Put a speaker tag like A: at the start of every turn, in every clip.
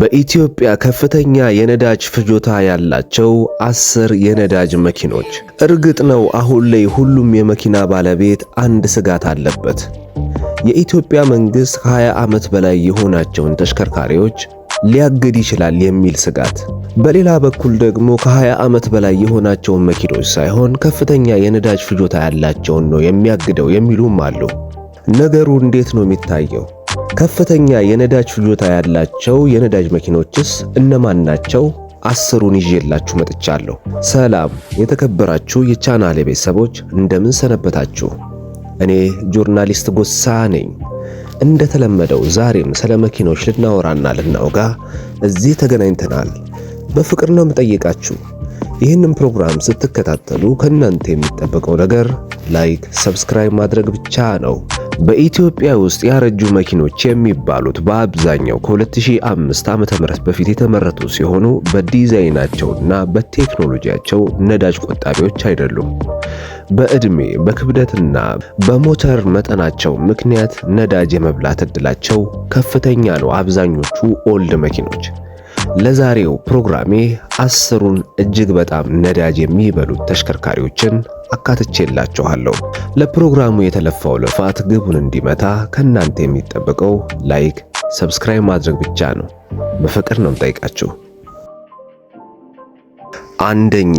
A: በኢትዮጵያ ከፍተኛ የነዳጅ ፍጆታ ያላቸው አስር የነዳጅ መኪኖች። እርግጥ ነው አሁን ላይ ሁሉም የመኪና ባለቤት አንድ ስጋት አለበት። የኢትዮጵያ መንግሥት ከ20 ዓመት በላይ የሆናቸውን ተሽከርካሪዎች ሊያግድ ይችላል የሚል ስጋት። በሌላ በኩል ደግሞ ከ20 ዓመት በላይ የሆናቸውን መኪኖች ሳይሆን ከፍተኛ የነዳጅ ፍጆታ ያላቸውን ነው የሚያግደው የሚሉም አሉ። ነገሩ እንዴት ነው የሚታየው? ከፍተኛ የነዳጅ ፍጆታ ያላቸው የነዳጅ መኪኖችስ እነማን ናቸው? አስሩን ይዤላችሁ መጥቻለሁ። ሰላም የተከበራችሁ የቻናሌ ቤተሰቦች እንደምን ሰነበታችሁ? እኔ ጆርናሊስት ጎሳ ነኝ። እንደተለመደው ዛሬም ስለ መኪኖች ልናወራና ልናወጋ እዚህ ተገናኝተናል። በፍቅር ነው የምጠይቃችሁ። ይህንን ፕሮግራም ስትከታተሉ ከእናንተ የሚጠበቀው ነገር ላይክ፣ ሰብስክራይብ ማድረግ ብቻ ነው። በኢትዮጵያ ውስጥ ያረጁ መኪኖች የሚባሉት በአብዛኛው ከ2005 ዓ.ም በፊት የተመረቱ ሲሆኑ በዲዛይናቸውና በቴክኖሎጂያቸው ነዳጅ ቆጣቢዎች አይደሉም። በእድሜ በክብደትና በሞተር መጠናቸው ምክንያት ነዳጅ የመብላት እድላቸው ከፍተኛ ነው። አብዛኞቹ ኦልድ መኪኖች ለዛሬው ፕሮግራሜ አስሩን እጅግ በጣም ነዳጅ የሚበሉት ተሽከርካሪዎችን አካትቼላችኋለሁ። ለፕሮግራሙ የተለፋው ልፋት ግቡን እንዲመታ ከእናንተ የሚጠበቀው ላይክ፣ ሰብስክራይብ ማድረግ ብቻ ነው። በፍቅር ነው የምጠይቃችሁ። አንደኛ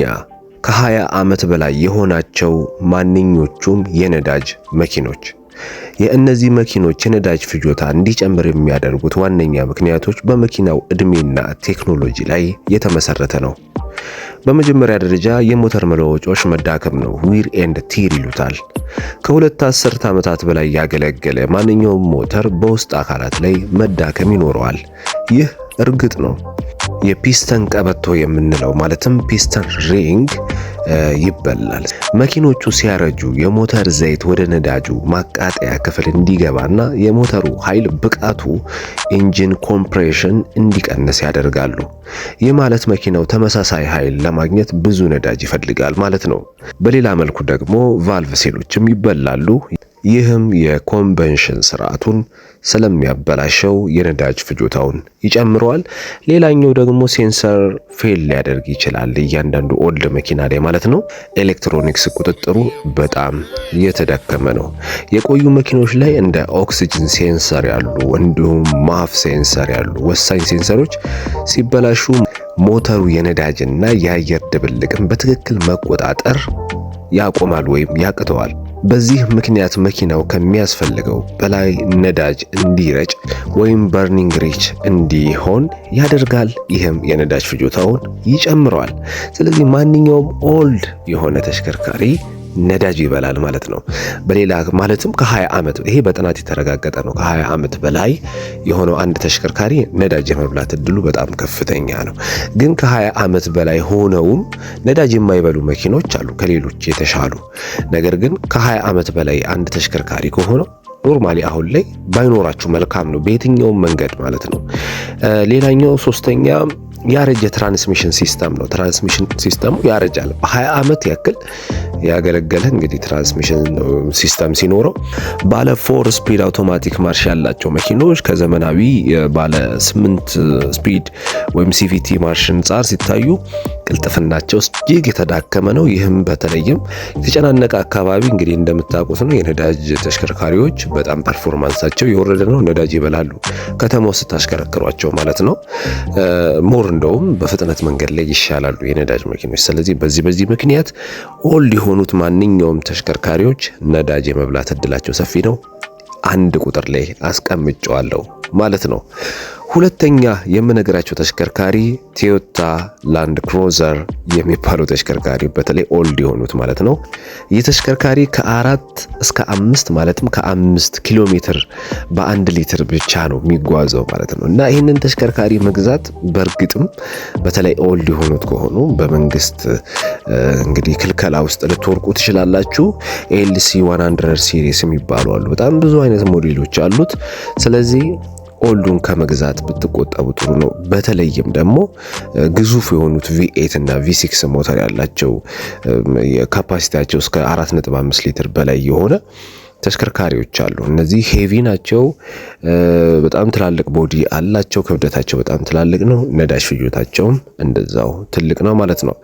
A: ከ20 ዓመት በላይ የሆናቸው ማንኞቹም የነዳጅ መኪኖች የእነዚህ መኪኖች የነዳጅ ፍጆታ እንዲጨምር የሚያደርጉት ዋነኛ ምክንያቶች በመኪናው ዕድሜና ቴክኖሎጂ ላይ የተመሰረተ ነው። በመጀመሪያ ደረጃ የሞተር መለዋወጫዎች መዳከም ነው። ዊር ኤንድ ቲር ይሉታል። ከሁለት አስርት ዓመታት በላይ ያገለገለ ማንኛውም ሞተር በውስጥ አካላት ላይ መዳከም ይኖረዋል። ይህ እርግጥ ነው። የፒስተን ቀበቶ የምንለው ማለትም ፒስተን ሪንግ ይበላል። መኪኖቹ ሲያረጁ የሞተር ዘይት ወደ ነዳጁ ማቃጠያ ክፍል እንዲገባና የሞተሩ ኃይል ብቃቱ ኢንጂን ኮምፕሬሽን እንዲቀንስ ያደርጋሉ። ይህ ማለት መኪናው ተመሳሳይ ኃይል ለማግኘት ብዙ ነዳጅ ይፈልጋል ማለት ነው። በሌላ መልኩ ደግሞ ቫልቭ ሴሎችም ይበላሉ። ይህም የኮንቨንሽን ስርዓቱን ስለሚያበላሸው የነዳጅ ፍጆታውን ይጨምረዋል። ሌላኛው ደግሞ ሴንሰር ፌል ሊያደርግ ይችላል፣ እያንዳንዱ ኦልድ መኪና ላይ ማለት ነው። ኤሌክትሮኒክስ ቁጥጥሩ በጣም የተዳከመ ነው። የቆዩ መኪኖች ላይ እንደ ኦክሲጅን ሴንሰር ያሉ እንዲሁም ማፍ ሴንሰር ያሉ ወሳኝ ሴንሰሮች ሲበላሹ ሞተሩ የነዳጅና የአየር ድብልቅን በትክክል መቆጣጠር ያቆማል ወይም ያቅተዋል። በዚህ ምክንያት መኪናው ከሚያስፈልገው በላይ ነዳጅ እንዲረጭ ወይም በርኒንግ ሪች እንዲሆን ያደርጋል። ይህም የነዳጅ ፍጆታውን ይጨምረዋል። ስለዚህ ማንኛውም ኦልድ የሆነ ተሽከርካሪ ነዳጅ ይበላል ማለት ነው። በሌላ ማለትም ከ20 ዓመት ይሄ በጥናት የተረጋገጠ ነው። ከ20 ዓመት በላይ የሆነው አንድ ተሽከርካሪ ነዳጅ የመብላት እድሉ በጣም ከፍተኛ ነው። ግን ከ20 ዓመት በላይ ሆነውም ነዳጅ የማይበሉ መኪኖች አሉ ከሌሎች የተሻሉ። ነገር ግን ከ20 ዓመት በላይ አንድ ተሽከርካሪ ከሆነው ኖርማሊ አሁን ላይ ባይኖራችሁ መልካም ነው፣ በየትኛውም መንገድ ማለት ነው። ሌላኛው ሶስተኛ ያረጀ ትራንስሚሽን ሲስተም ነው። ትራንስሚሽን ሲስተሙ ያረጃል። በ20 ዓመት ያክል ያገለገለ እንግዲህ ትራንስሚሽን ሲስተም ሲኖረው ባለ ፎር ስፒድ አውቶማቲክ ማርሽ ያላቸው መኪኖች ከዘመናዊ ባለ ስምንት ስፒድ ወይም ሲቪቲ ማርሽ አንጻር ሲታዩ ቅልጥፍናቸው እጅግ የተዳከመ ነው። ይህም በተለይም የተጨናነቀ አካባቢ እንግዲህ እንደምታውቁት ነው። የነዳጅ ተሽከርካሪዎች በጣም ፐርፎርማንሳቸው የወረደ ነው። ነዳጅ ይበላሉ፣ ከተማው ስታሽከረክሯቸው ማለት ነው። ሞር እንደውም በፍጥነት መንገድ ላይ ይሻላሉ የነዳጅ መኪኖች። ስለዚህ በዚህ በዚህ ምክንያት ኦልድ የሆኑት ማንኛውም ተሽከርካሪዎች ነዳጅ የመብላት እድላቸው ሰፊ ነው። አንድ ቁጥር ላይ አስቀምጨዋለሁ ማለት ነው። ሁለተኛ የምነግራቸው ተሽከርካሪ ቶዮታ ላንድ ክሮዘር የሚባለው ተሽከርካሪ በተለይ ኦልድ የሆኑት ማለት ነው። ይህ ተሽከርካሪ ከአራት እስከ አምስት ማለትም ከአምስት ኪሎ ሜትር በአንድ ሊትር ብቻ ነው የሚጓዘው ማለት ነው እና ይህንን ተሽከርካሪ መግዛት በእርግጥም በተለይ ኦልድ የሆኑት ከሆኑ በመንግስት እንግዲህ ክልከላ ውስጥ ልትወርቁ ትችላላችሁ። ኤልሲ 100 ሲሪስ የሚባሉ አሉ። በጣም ብዙ አይነት ሞዴሎች አሉት። ስለዚህ ኦልዱን ከመግዛት ብትቆጠቡ ጥሩ ነው። በተለይም ደግሞ ግዙፍ የሆኑት ቪ8 እና ቪሲክስ ሞተር ያላቸው ካፓሲቲያቸው እስከ 4.5 ሊትር በላይ የሆነ ተሽከርካሪዎች አሉ። እነዚህ ሄቪ ናቸው። በጣም ትላልቅ ቦዲ አላቸው። ክብደታቸው በጣም ትላልቅ ነው። ነዳጅ ፍጆታቸውም እንደዛው ትልቅ ነው ማለት ነው።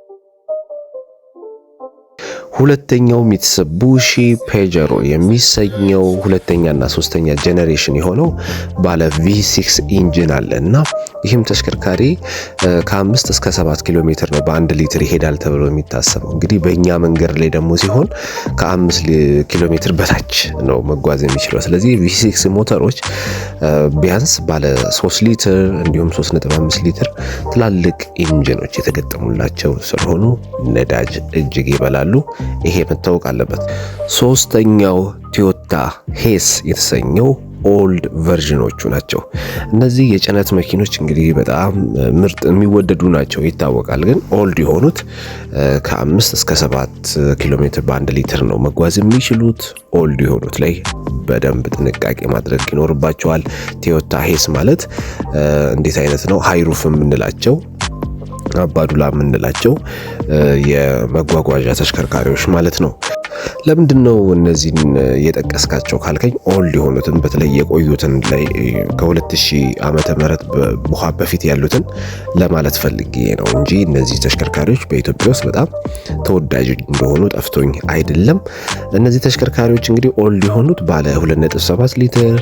A: ሚትስ ቡሺ ፔጀሮ የሚሰኘው ሁለተኛና ሶስተኛ ጄኔሬሽን የሆነው ባለ ቪ6 ኢንጂን አለ እና ይህም ተሽከርካሪ ከአምስት እስከ ሰባት ኪሎ ሜትር ነው በአንድ ሊትር ይሄዳል ተብሎ የሚታሰበው። እንግዲህ በእኛ መንገድ ላይ ደግሞ ሲሆን ከአምስት ኪሎ ሜትር በታች ነው መጓዝ የሚችለው። ስለዚህ ቪ6 ሞተሮች ቢያንስ ባለ 3 ሊትር እንዲሁም 3.5 ሊትር ትላልቅ ኢንጂኖች የተገጠሙላቸው ስለሆኑ ነዳጅ እጅግ ይበላሉ። ይሄ መታወቅ አለበት። ሶስተኛው ቶዮታ ሄስ የተሰኘው ኦልድ ቨርዥኖቹ ናቸው። እነዚህ የጭነት መኪኖች እንግዲህ በጣም ምርጥ የሚወደዱ ናቸው ይታወቃል። ግን ኦልድ የሆኑት ከአምስት እስከ ሰባት ኪሎ ሜትር በአንድ ሊትር ነው መጓዝ የሚችሉት። ኦልድ የሆኑት ላይ በደንብ ጥንቃቄ ማድረግ ይኖርባቸዋል። ቶዮታ ሄስ ማለት እንዴት አይነት ነው? ሃይሩፍ የምንላቸው ከባዱላ የምንላቸው የመጓጓዣ ተሽከርካሪዎች ማለት ነው። ለምንድን ነው እነዚህን የጠቀስካቸው ካልከኝ ኦልድ የሆኑትን በተለይ የቆዩትን ላይ ከ2000 ዓመተ ምህረት በፊት ያሉትን ለማለት ፈልጌ ነው እንጂ እነዚህ ተሽከርካሪዎች በኢትዮጵያ ውስጥ በጣም ተወዳጅ እንደሆኑ ጠፍቶኝ አይደለም። እነዚህ ተሽከርካሪዎች እንግዲህ ኦልድ የሆኑት ባለ 2.7 ሊትር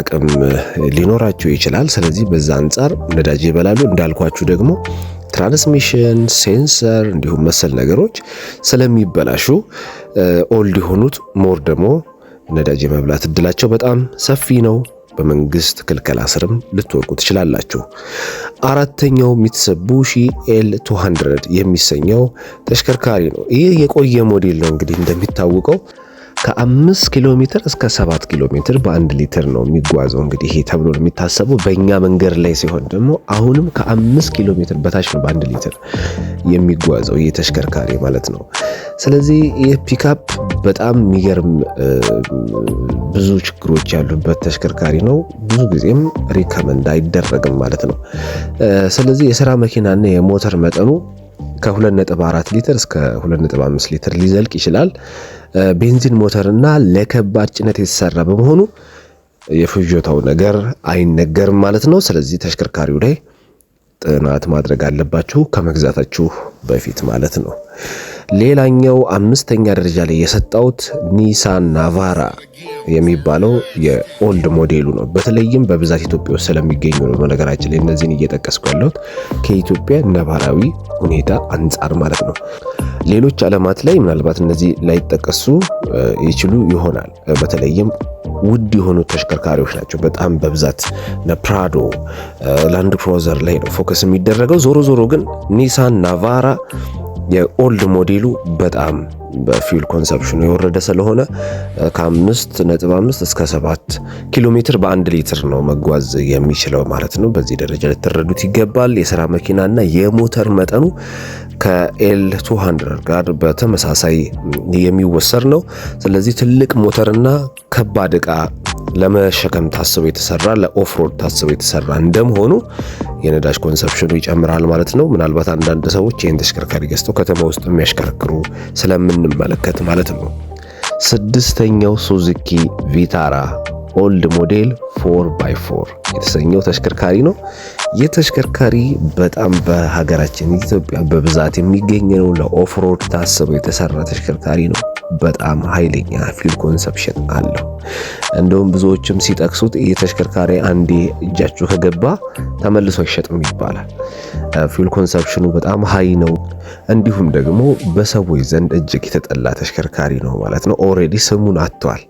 A: አቅም ሊኖራቸው ይችላል። ስለዚህ በዛ አንጻር ነዳጅ ይበላሉ። እንዳልኳችሁ ደግሞ ትራንስሚሽን፣ ሴንሰር እንዲሁም መሰል ነገሮች ስለሚበላሹ ኦልድ የሆኑት ሞር ደግሞ ነዳጅ የመብላት እድላቸው በጣም ሰፊ ነው። በመንግስት ክልከላ ስርም ልትወቁ ትችላላችሁ። አራተኛው ሚትሱቢሺ ኤል 200 የሚሰኘው ተሽከርካሪ ነው። ይህ የቆየ ሞዴል ነው። እንግዲህ እንደሚታወቀው ከአምስት ኪሎ ሜትር እስከ ሰባት ኪሎ ሜትር በአንድ ሊትር ነው የሚጓዘው። እንግዲህ ይሄ ተብሎ የሚታሰበው በእኛ መንገድ ላይ ሲሆን ደግሞ አሁንም ከአምስት ኪሎ ሜትር በታች ነው በአንድ ሊትር የሚጓዘው ይህ ተሽከርካሪ ማለት ነው። ስለዚህ ይህ ፒካፕ በጣም የሚገርም ብዙ ችግሮች ያሉበት ተሽከርካሪ ነው። ብዙ ጊዜም ሪከመንድ አይደረግም ማለት ነው። ስለዚህ የስራ መኪናና የሞተር መጠኑ ከ2.4 ሊትር እስከ 2.5 ሊትር ሊዘልቅ ይችላል። ቤንዚን ሞተርና ለከባድ ጭነት የተሰራ በመሆኑ የፍጆታው ነገር አይነገርም ማለት ነው። ስለዚህ ተሽከርካሪው ላይ ጥናት ማድረግ አለባችሁ ከመግዛታችሁ በፊት ማለት ነው። ሌላኛው አምስተኛ ደረጃ ላይ የሰጣውት ኒሳን ናቫራ የሚባለው የኦልድ ሞዴሉ ነው። በተለይም በብዛት ኢትዮጵያ ውስጥ ስለሚገኙ ነው። በነገራችን ላይ እነዚህን እየጠቀስኩ ያለሁት ከኢትዮጵያ ነባራዊ ሁኔታ አንጻር ማለት ነው። ሌሎች ዓለማት ላይ ምናልባት እነዚህ ላይጠቀሱ ይችሉ ይሆናል። በተለይም ውድ የሆኑ ተሽከርካሪዎች ናቸው። በጣም በብዛት ፕራዶ፣ ላንድ ክሮዘር ላይ ነው ፎከስ የሚደረገው። ዞሮ ዞሮ ግን ኒሳን ናቫራ የኦልድ ሞዴሉ በጣም በፊውል ኮንሰፕሽኑ የወረደ ስለሆነ ከአምስት ነጥብ አምስት እስከ ሰባት ኪሎ ሜትር በአንድ ሊትር ነው መጓዝ የሚችለው ማለት ነው። በዚህ ደረጃ ልትረዱት ይገባል። የስራ መኪና እና የሞተር መጠኑ ከኤል 200 ጋር በተመሳሳይ የሚወሰድ ነው። ስለዚህ ትልቅ ሞተርና ከባድ ዕቃ ለመሸከም ታስቦ የተሰራ ለኦፍሮድ ታስቦ የተሰራ እንደመሆኑ የነዳጅ ኮንሰፕሽኑ ይጨምራል ማለት ነው። ምናልባት አንዳንድ ሰዎች ይህን ተሽከርካሪ ገዝተው ከተማ ውስጥ የሚያሽከረክሩ ስለምንመለከት ማለት ነው። ስድስተኛው ሱዙኪ ቪታራ ኦልድ ሞዴል 4x4 የተሰኘው ተሽከርካሪ ነው። ይህ ተሽከርካሪ በጣም በሀገራችን ኢትዮጵያ በብዛት የሚገኝ ነው። ለኦፍሮድ ታስቦ የተሰራ ተሽከርካሪ ነው። በጣም ኃይለኛ ፊውል ኮንሰፕሽን አለው። እንደውም ብዙዎችም ሲጠቅሱት ይህ ተሽከርካሪ አንዴ እጃችሁ ከገባ ተመልሶ አይሸጥም ይባላል። ፊውል ኮንሰፕሽኑ በጣም ሀይ ነው። እንዲሁም ደግሞ በሰዎች ዘንድ እጅግ የተጠላ ተሽከርካሪ ነው ማለት ነው። ኦልሬዲ ስሙን አጥቷል።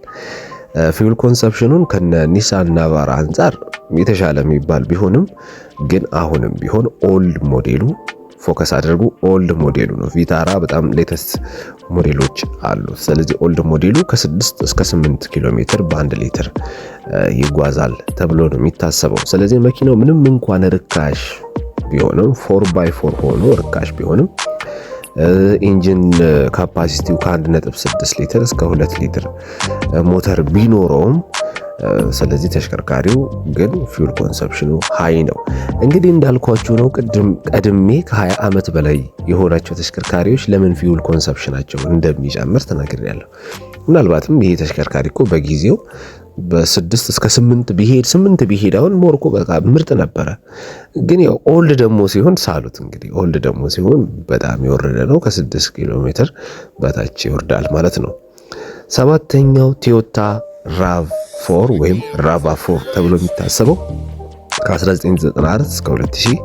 A: ፊውል ኮንሰፕሽኑን ከነ ኒሳን ናቫራ አንጻር የተሻለ የሚባል ቢሆንም ግን አሁንም ቢሆን ኦልድ ሞዴሉ ፎከስ አድርጉ። ኦልድ ሞዴሉ ነው። ቪታራ በጣም ሌተስት ሞዴሎች አሉት። ስለዚህ ኦልድ ሞዴሉ ከ6 እስከ 8 ኪሎ ሜትር በአንድ ሊትር ይጓዛል ተብሎ ነው የሚታሰበው። ስለዚህ መኪናው ምንም እንኳን ርካሽ ቢሆንም ፎር ባይ ፎር ሆኖ ርካሽ ቢሆንም ኢንጂን ካፓሲቲው ከ1.6 ሊትር እስከ 2 ሊትር ሞተር ቢኖረውም ስለዚህ ተሽከርካሪው ግን ፊውል ኮንሰፕሽኑ ሀይ ነው። እንግዲህ እንዳልኳችሁ ነው ቀድሜ ከ20 ዓመት በላይ የሆናቸው ተሽከርካሪዎች ለምን ፊውል ኮንሰፕሽናቸው እንደሚጨምር ተናግሬያለሁ። ምናልባትም ይሄ ተሽከርካሪ እኮ በጊዜው በስድስት እስከ ስምንት ቢሄድ ስምንት ቢሄድ አሁን ሞርኮ በቃ ምርጥ ነበረ። ግን ያው ኦልድ ደግሞ ሲሆን ሳሉት እንግዲህ ኦልድ ደግሞ ሲሆን በጣም የወረደ ነው። ከስድስት ኪሎ ሜትር በታች ይወርዳል ማለት ነው። ሰባተኛው ቶዮታ ራፎር ወይም ራቫፎር ተብሎ የሚታሰበው ከ1994 እስከ 2000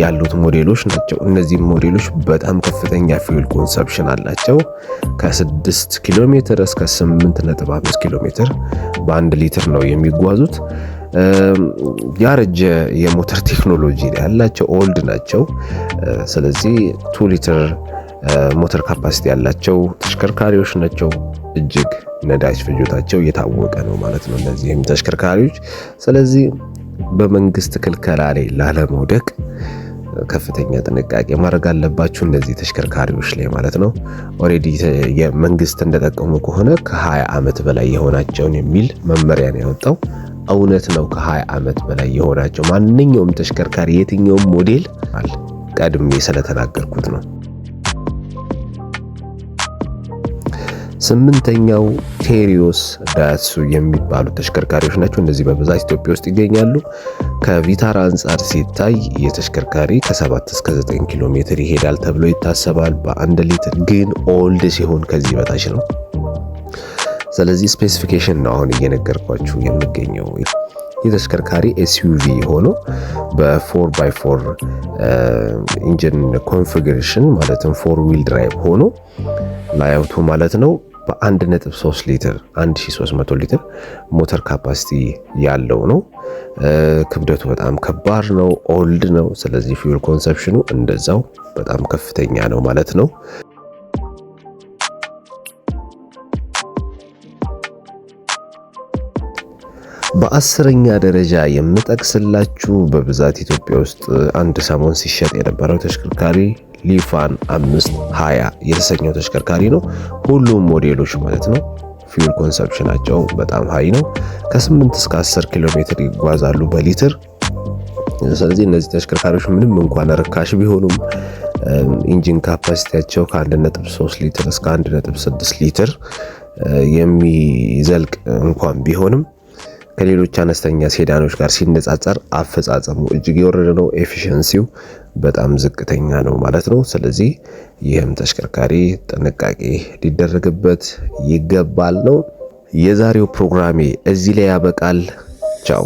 A: ያሉት ሞዴሎች ናቸው። እነዚህ ሞዴሎች በጣም ከፍተኛ ፊውል ኮንሰፕሽን አላቸው። ከ6 ኪሎ ሜትር እስከ 8.5 ኪሎ ሜትር በአንድ ሊትር ነው የሚጓዙት። ያረጀ የሞተር ቴክኖሎጂ ያላቸው ኦልድ ናቸው። ስለዚህ ቱ ሊትር ሞተር ካፓሲቲ ያላቸው ተሽከርካሪዎች ናቸው። እጅግ ነዳጅ ፍጆታቸው የታወቀ ነው ማለት ነው እነዚህም ተሽከርካሪዎች። ስለዚህ በመንግስት ክልከላ ላይ ላለመውደቅ ከፍተኛ ጥንቃቄ ማድረግ አለባችሁ እነዚህ ተሽከርካሪዎች ላይ ማለት ነው። ኦልሬዲ መንግስት እንደጠቀሙ ከሆነ ከ20 ዓመት በላይ የሆናቸውን የሚል መመሪያ ነው ያወጣው። እውነት ነው። ከ20 ዓመት በላይ የሆናቸው ማንኛውም ተሽከርካሪ የትኛውም ሞዴል ቀድሜ ስለተናገርኩት ነው። ስምንተኛው ቴሪዮስ ዳያሱ የሚባሉ ተሽከርካሪዎች ናቸው። እነዚህ በብዛት ኢትዮጵያ ውስጥ ይገኛሉ። ከቪታራ አንጻር ሲታይ የተሽከርካሪ ከ7 እስከ 9 ኪሎ ሜትር ይሄዳል ተብሎ ይታሰባል። በአንድ ሊትር ግን ኦልድ ሲሆን ከዚህ በታች ነው። ስለዚህ ስፔሲፊኬሽን ነው አሁን እየነገርኳችሁ የምገኘው። የተሽከርካሪ ኤስዩቪ ሆኖ በ4 ባይ 4 ኢንጂን ኮንፊግሬሽን ማለትም ፎር ዊል ድራይቭ ሆኖ ላይአውቱ ማለት ነው በ1.3 ሊትር 1300 ሊትር ሞተር ካፓሲቲ ያለው ነው። ክብደቱ በጣም ከባድ ነው፣ ኦልድ ነው። ስለዚህ ፊውል ኮንሰፕሽኑ እንደዛው በጣም ከፍተኛ ነው ማለት ነው። በአስረኛ ደረጃ የምጠቅስላችሁ በብዛት ኢትዮጵያ ውስጥ አንድ ሰሞን ሲሸጥ የነበረው ተሽከርካሪ ሊፋን 520 የተሰኘው ተሽከርካሪ ነው። ሁሉም ሞዴሎች ማለት ነው። ፊውል ኮንሰፕሽናቸው በጣም ሀይ ነው። ከ8 እስከ 10 ኪሎ ሜትር ይጓዛሉ በሊትር። ስለዚህ እነዚህ ተሽከርካሪዎች ምንም እንኳን ርካሽ ቢሆኑም ኢንጂን ካፓሲቲያቸው ከ1.3 ሊትር እስከ 1.6 ሊትር የሚዘልቅ እንኳን ቢሆንም ከሌሎች አነስተኛ ሴዳኖች ጋር ሲነጻጸር አፈጻጸሙ እጅግ የወረደ ነው። ኤፊሽንሲው በጣም ዝቅተኛ ነው ማለት ነው። ስለዚህ ይህም ተሽከርካሪ ጥንቃቄ ሊደረግበት ይገባል ነው። የዛሬው ፕሮግራሜ እዚህ ላይ ያበቃል። ቻው